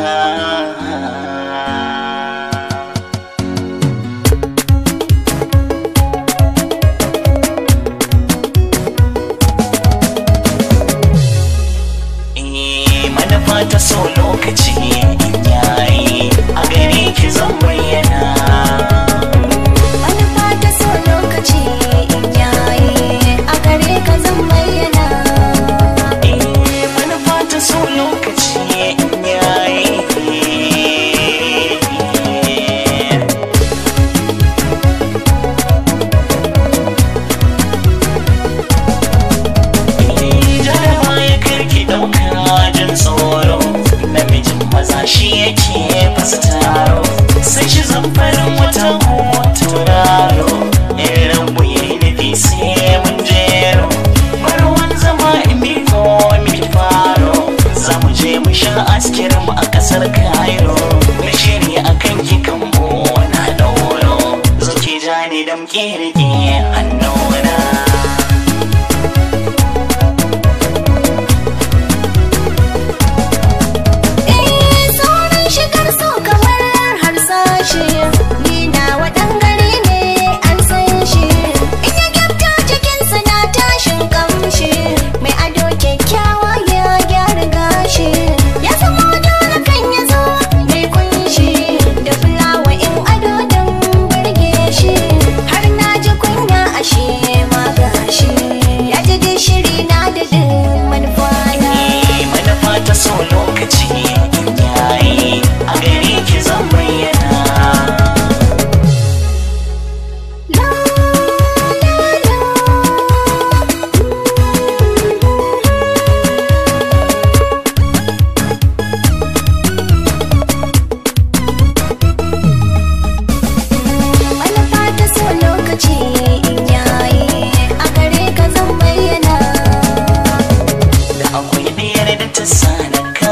Eh, manufa ta so lokaci askirin a kasar Cairo na shiri a kan kikan na ɗauro zuke ja ne damƙe rike hannu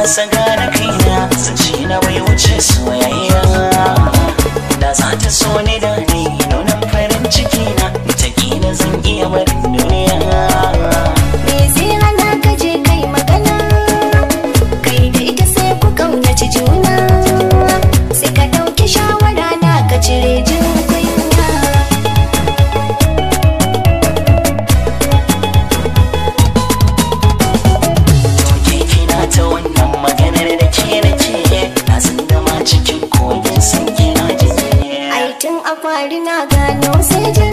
kasa gane kaina zance na bai wuce soyayya da za ta so ni da பாடினாக நோசேஜ